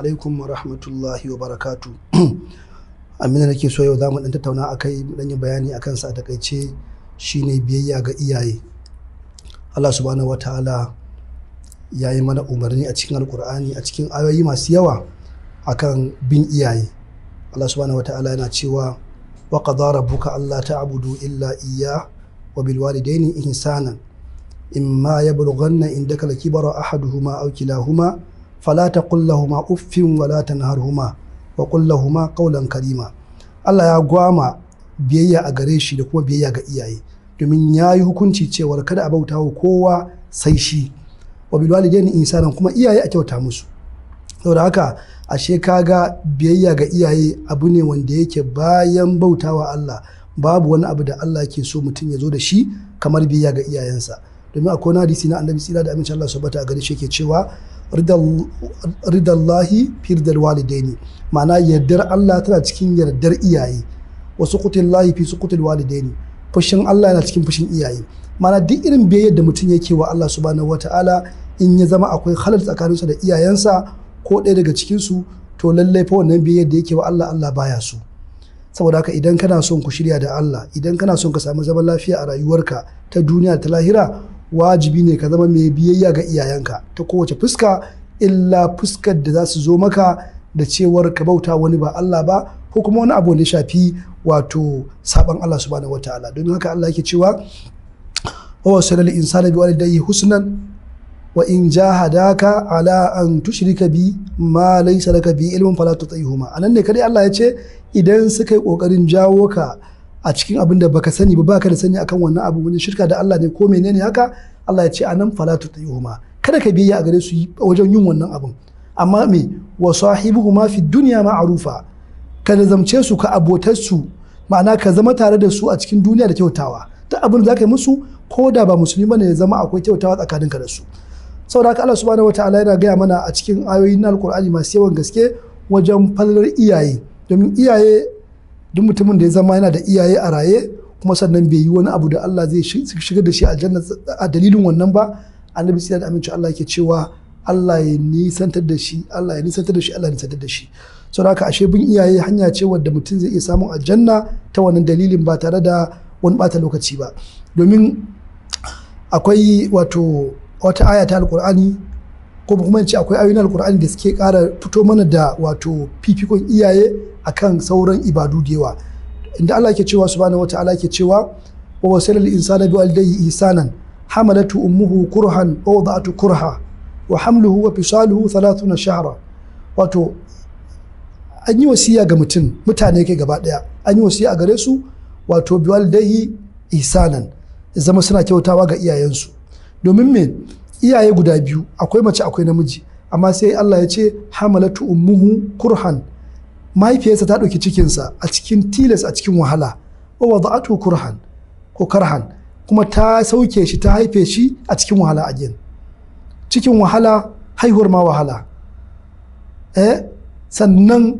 alaikum wa rahmatullahi wa barakatu. Amina nake so yau za mu dan tattauna akai dan yi bayani akan sa a takaice shine biyayya ga iyaye Allah subhanahu wataala ya yi mana umarni a cikin alkur'ani a cikin ayoyi masu yawa akan bin iyaye Allah subhanahu wataala yana cewa wa qadara rabbuka alla ta'budu illa iya wa bil walidaini ihsanan imma yablughanna indaka al-kibara ahaduhuma aw kilahuma fala taqul lahumu uffin wa la tanharhuma wa qul lahumu qawlan karima Allah ya gwama biyayya a gare shi da kuma biyayya ga iyaye domin ya yi hukunci cewar kada a bauta wa kowa sai shi wa bil walidaini insanan kuma iyaye a kyauta musu saboda haka ashe kaga biyayya ga iyaye abu ne wanda yake bayan bautawa Allah babu wani abu da Allah ke so mutum ya zo da shi kamar biyayya ga iyayensa domin akwai na hadisi na annabi tsira da amincin Allah subhanahu a gare yake cewa ridallahi fi walidai walidaini ma'ana yardar Allah tana cikin yardar iyaye wasu kutin lahi fi kutin walidaini fushin Allah yana cikin fushin iyaye mana duk irin biyayyar da mutum yake wa Allah subhanahu wataala in ya zama akwai halal tsakaninsa da iyayensa ko ɗaya daga cikin su to lallai fa wannan biyayyar da yake wa Allah Allah baya su saboda haka idan kana son ku shirya da Allah idan kana son ka samu zaman lafiya a rayuwarka ta duniya ta lahira wajibi ne ka zama mai biyayya ga iyayenka ta kowace fuska illa fuskar da za su zo maka da cewar ka bauta wani ba Allah ba ko kuma wani abu da shafi wato saban Allah subhanahu wataala domin haka Allah yake cewa wa wasalal insana walidayhi husnan wa in jahadaka ala an tushrika bi ma laysa laka bi ilmun fala tutayhuma anan ne kare Allah ya ce idan suka yi kokarin jawo ka a cikin abin da baka sani ba baka da sani akan wannan abu wani shirka da Allah ne ko menene haka Allah ya ce anan fala tutayhuma kada ka biya a gare su wajen yin wannan abin amma me wa sahibuhuma fi dunya ma'rufa ka nazamce su ka abotar su ma'ana ka zama tare da su a cikin duniya da kyautawa ta abin da za ka yi musu ko da ba musulmi bane ya zama akwai kyautawa ka da su saboda haka Allah subhanahu wataala yana gaya mana a cikin ayoyi na alkur'ani masu yawan gaske wajen falalar iyaye domin iyaye duk mutumin da ya zama yana da iyaye a raye kuma sannan bai yi wani abu da Allah zai shigar da shi a dalilin wannan ba annabi sai da aminci Allah yake cewa Allah ya nisantar da shi Allah ya nisantar da shi Allah ya nisantar da shi so haka ashe bin iyaye hanya ce wadda mutum zai iya samun aljanna ta wannan dalilin ba tare da wani bata lokaci ba domin akwai wato wata aya ta alkur'ani ko kuma ce akwai ayoyin alkur'ani da suke ƙara fito mana da wato fifikon iyaye akan sauran ibadu da yawa inda Allah yake cewa subhanahu wata'ala ke cewa wa wasalil insana bi walidayhi ihsanan hamalatu ummuhu kurhan wa wada'atu kurha wa hamluhu wa fisaluhu 30 shahra wato an yi wasiya ga mutum mutane kai gaba daya an yi wasiya a gare su wato biwaldahi isanan zama suna kyautawa ga iyayensu domin me iyaye guda biyu akwai mace akwai namiji amma sai Allah ya ce hamalatu ummuhu kurhan mahaifiyarsa ta ɗauki cikinsa a cikin tilas a cikin wahala wa wada'atu kurhan ko karhan kuma ta sauke shi ta haife shi a cikin wahala a again cikin wahala haihuwar ma wahala eh sannan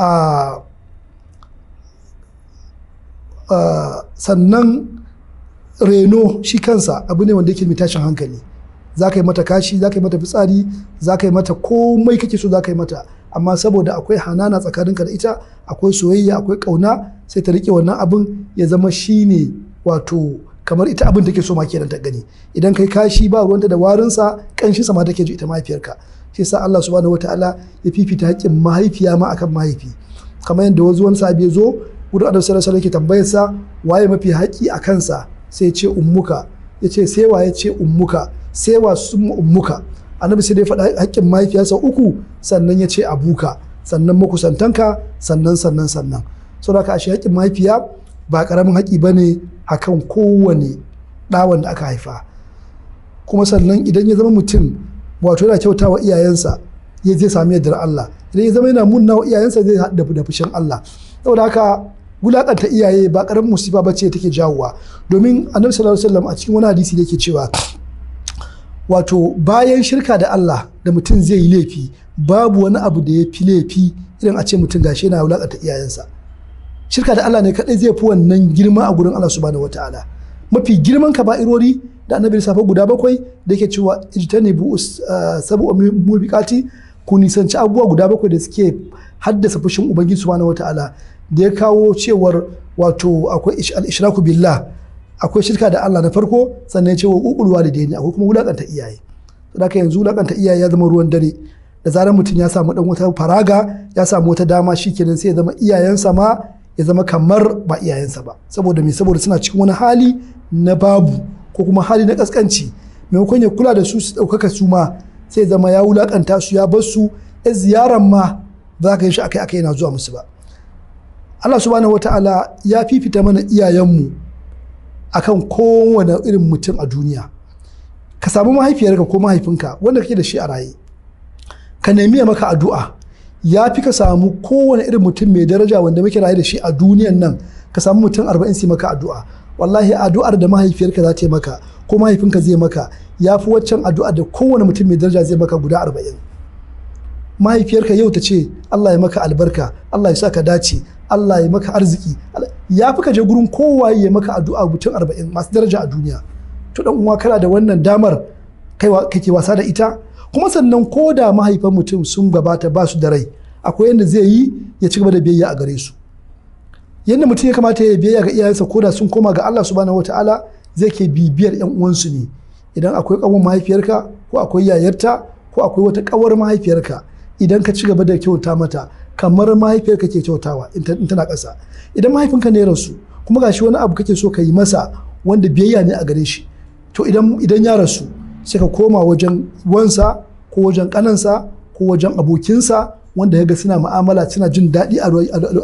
a sannan reno shi kansa abu ne wanda yake mai tashin hankali za ka yi mata kashi za ka yi mata fitsari za ka yi mata komai kake so za ka yi mata amma saboda akwai hanana tsakanin ka da ita akwai soyayya akwai kauna sai ta rike wannan abin ya zama shine wato kamar ita abin take so ma kenan ta gani idan kai kashi ba ruwanta da warinsa kanshi sama take ji ita mahaifiyarka shi yasa Allah subhanahu wataala ya fifita haƙƙin mahaifiya ma akan mahaifi kamar yadda wasu sa bai zo wurin annabi sallallahu alaihi tambayar sa waye mafi haƙƙi a kansa sai ya ce ummuka ya ce sai wa ya ce ummuka sai wa sun ummuka annabi sai dai faɗa haƙƙin mahaifiyarsa uku sannan ya ce abuka sannan makusantanka sannan sannan sannan saboda ka ashe haƙƙin mahaifiya ba karamin haƙi ba ne a kan kowane ɗawan da aka haifa kuma sannan idan ya zama mutum wato yana kyauta wa iyayensa ya zai sami yardar Allah idan ya zama yana munna wa iyayensa zai haɗa da fushin Allah saboda haka wulaƙanta iyaye ba karamin musiba ba ce take jawowa domin annabi sallallahu alaihi wasallam a cikin wani hadisi da yake cewa wato bayan shirka da Allah da mutum zai yi laifi babu wani abu da ya fi laifi idan a ce mutum gashi yana wulaƙanta iyayensa shirka da Allah ne kadai zai fi wannan girma a gurin Allah subhanahu ta'ala mafi girman ka irori da annabi safa guda bakwai da yake cewa bu uh, sabu mubiqati ku nisanci abubuwa guda bakwai da suke haddasa fushin ubangiji subhanahu ta'ala da ya kawo cewar wato akwai al-ishraku billah akwai shirka da Allah na farko sannan ya ce wa ukul walidaini akwai kuma wulakanta iyaye saboda yanzu wulakanta iyaye ya zama ruwan dare da zarar mutum ya samu dan wata faraga ya samu wata dama shikenan sai ya zama iyayensa ma ya zama kamar ba iyayensa ba saboda me saboda suna cikin wani hali na babu ko kuma hali na kaskanci maimakon ya kula da su su ɗaukaka su ma sai zama ya wulaƙanta su ya bar su ya ziyaran ma ba za ka yi shi akai akai yana zuwa musu ba Allah subhanahu ta'ala ya fifita mana iyayenmu akan kowane irin mutum a duniya ka samu mahaifiyarka ko mahaifinka wanda kake da shi a raye ka nemi maka addu'a ya fi ka samu kowane irin mutum mai daraja wanda muke rayu da shi a duniyan nan ka samu mutum arba'in su maka addu'a wallahi addu'ar da mahaifiyarka za ta yi maka ko mahaifinka zai maka ya fi waccan addu'a da kowane mutum mai daraja zai maka guda arba'in mahaifiyarka yau ta ce Allah ya maka albarka Allah ya sa ka dace Allah ya maka arziki ya fi ka je gurin kowa ya maka addu'a mutum arba'in masu daraja a duniya to dan uwa kana da wannan damar kai kake wasa da ita kuma sannan ko da mahaifan mutum sun gabata ba su da rai akwai yadda zai yi ya ci gaba da biyayya a gare su yadda mutum ya kamata ya biyayya ga iyayensa ko da sun koma ga Allah subhanahu wataala zai ke bibiyar yan uwansu ne idan akwai kawun mahaifiyarka ko akwai yayarta ko akwai wata kawar mahaifiyarka idan ka ci gaba da kyauta mata kamar mahaifiyarka ke kyautawa in tana kasa idan mahaifinka ne rasu kuma gashi wani abu kake so ka yi masa wanda biyayya ne a gare shi to idan ya rasu sai ka koma wajen wansa ko wajen kanansa ko wajen abokinsa wanda ga suna mu'amala suna jin daɗi a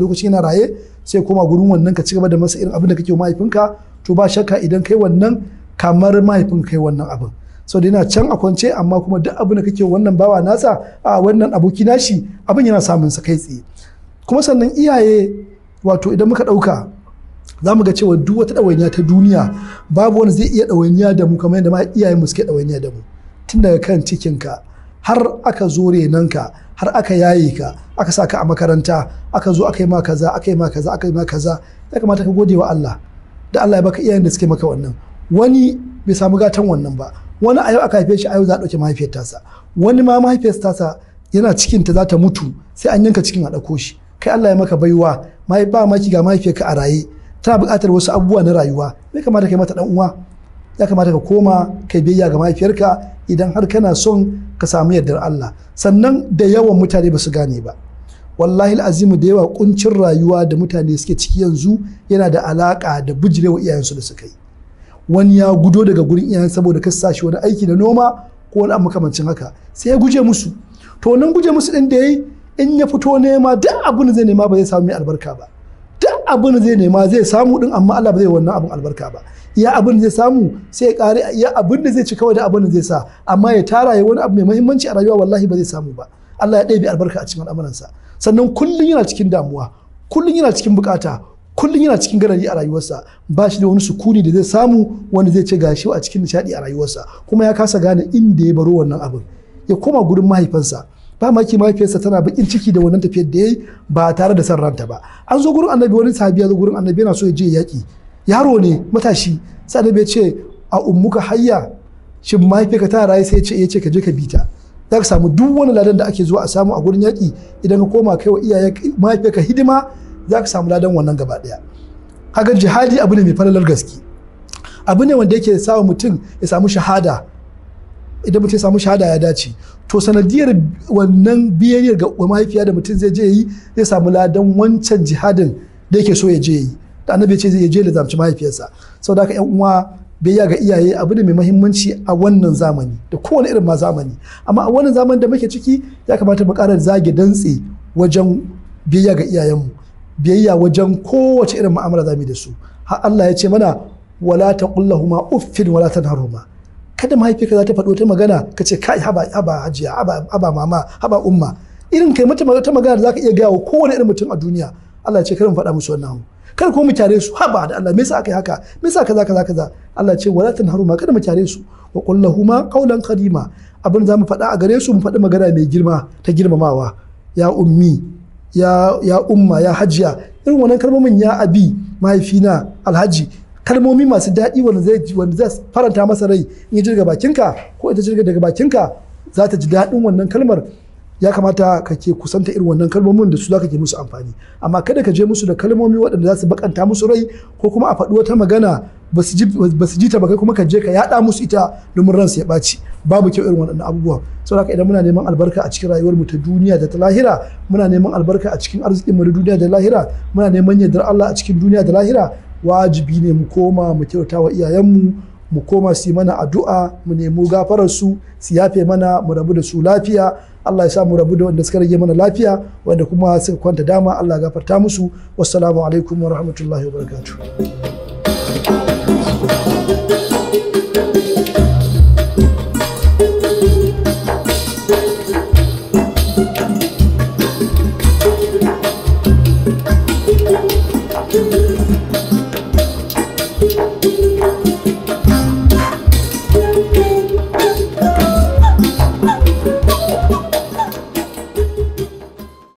lokacin yana raye sai koma gurin wannan ka cigaba da masa irin abin da kake mahaifinka to ba shakka idan kai wannan kamar mahaifin kai wannan abin so da yana can a kwance amma kuma duk abin da kake wannan bawa nasa a wannan aboki nashi abin yana samun sa kai tsaye kuma sannan iyaye wato idan muka ɗauka za mu ga cewa duk wata ɗawainiya ta duniya babu wani zai iya ɗawainiya da mu kamar yadda ma iyayenmu suke ɗawainiya da mu tun daga kan cikinka har aka zo ka har aka yaye ka aka sa ka a makaranta aka zo aka yi ma kaza aka yi ma kaza aka yi ma kaza ya kamata ka gode wa Allah da Allah ya baka iyayen da suke maka wannan wani bai samu gatan wannan ba wani a yau aka haife shi a yau za a ɗauke mahaifiyar tasa wani ma mahaifiyar tasa yana cikin ta za ta mutu sai an yanka cikin a ɗauko shi kai Allah ya maka baiwa mai ba maki ga mahaifiyar ka a raye tana buƙatar wasu abubuwa na rayuwa bai kamata kai mata dan uwa ya kamata ka koma kai biyayya ga mahaifiyarka idan har kana son ka samu yardar Allah sannan da yawan mutane ba su gane ba wallahi azimu da yawa kuncin rayuwa da mutane suke ciki yanzu yana da alaka da bijirewa iyayensu da suka yi wani ya gudo daga gurin iyayen saboda ka sa shi wani aiki da noma ko wani abu makamancin haka sai ya guje musu to nan guje musu din da yayi in ya fito nema duk abin da zai nema ba zai samu mai albarka ba abin zai nema zai samu din amma Allah ba zai wannan abin albarka ba ya abin zai samu sai ya kare ya abin da zai ci kawai da abin da zai sa amma ya tara ya wani abu mai muhimmanci a rayuwa wallahi ba zai samu ba Allah ya ɗebe albarka a cikin al'amuransa sannan kullun yana cikin damuwa kullun yana cikin bukata kullun yana cikin garari a rayuwarsa ba shi da wani sukuni da zai samu wanda zai ce gashi a cikin nishadi a rayuwarsa kuma ya kasa gane inda ya baro wannan abin ya koma gurin mahaifansa ba maki mahaifiyarsa tana bakin ciki da wannan tafiyar da yayi ba tare da san ranta ba an zo gurin annabi wani sahabi ya zo gurin annabi yana so ya je yaki yaro ne matashi sai annabi ya ce a ummuka hayya shi mahaifiyarka ta rayu sai ya ce eh, yace ka je ka bita za ka samu duk wani ladan da ake zuwa a samu a gurin yaki idan ka koma kai wa iyayen mahaifiyarka hidima za ka samu ladan wannan gaba daya kaga jihadi abu ne mai falalar gaske abu ne wanda yake sa mutum ya samu shahada idan mutum ya samu shahada ya dace to sanadiyar wannan biyayyar ga mahaifiya da mutum zai je yi zai samu ladan wancan jihadin da yake so ya je yi da annabi ce zai je ya zamci mahaifiyarsa da haka yan uwa biyayya ga iyaye abu ne mai mahimmanci a wannan zamani da kowane irin ma zamani amma a wannan zamani da muke ciki ya kamata mu ƙara zage dantse wajen biyayya ga iyayenmu biyayya wajen kowace irin mu'amala zamu da su har Allah ya ce mana wala taqullahuma uffin wala tanharuma kada mahaifiyarka za ta faɗo ta magana ka ce kai haba haba hajiya haba mama haba umma irin kai mata ta magana da zaka iya gaya wa kowane irin mutum a duniya Allah ya ce karin faɗa musu wannan kar ko mu tare su haba da Allah me yasa aka yi haka me yasa kaza kaza kaza Allah ya ce wala tanharu ma kada mu tare su wa qul lahumu qawlan karima abin za mu faɗa a gare su mu faɗi magana mai girma ta girmamawa ya ummi ya ya umma ya hajiya irin wannan kalmomin ya abi mahaifina alhaji kalmomi masu daɗi wanda zai wanda zai faranta masa rai in ya jirga bakinka ko ita jirga daga bakinka za ta ji daɗin wannan kalmar ya kamata ka ke kusanta irin wannan kalmomin da su za ka ke musu amfani amma kada ka je musu da kalmomi waɗanda za su bakanta musu rai ko kuma a faɗi wata magana ba su ji ta ba kai kuma ka je ka yaɗa musu ita domin ransu ya ɓaci babu kyau irin waɗannan abubuwa saboda haka idan muna neman albarka a cikin rayuwar mu ta duniya da ta lahira muna neman albarka a cikin arzikin mu da duniya da lahira muna neman yardar Allah a cikin duniya da lahira wajibi ne mu koma mu kyauta wa iyayenmu mu koma su mana addu'a mu nemo gafarar su su yafe mana mu rabu da su lafiya Allah ya sa mu rabu da wanda suka rage mana lafiya wanda kuma suka kwanta dama Allah ya gafarta musu wassalamu alaikum wa rahmatullahi wa barakatuh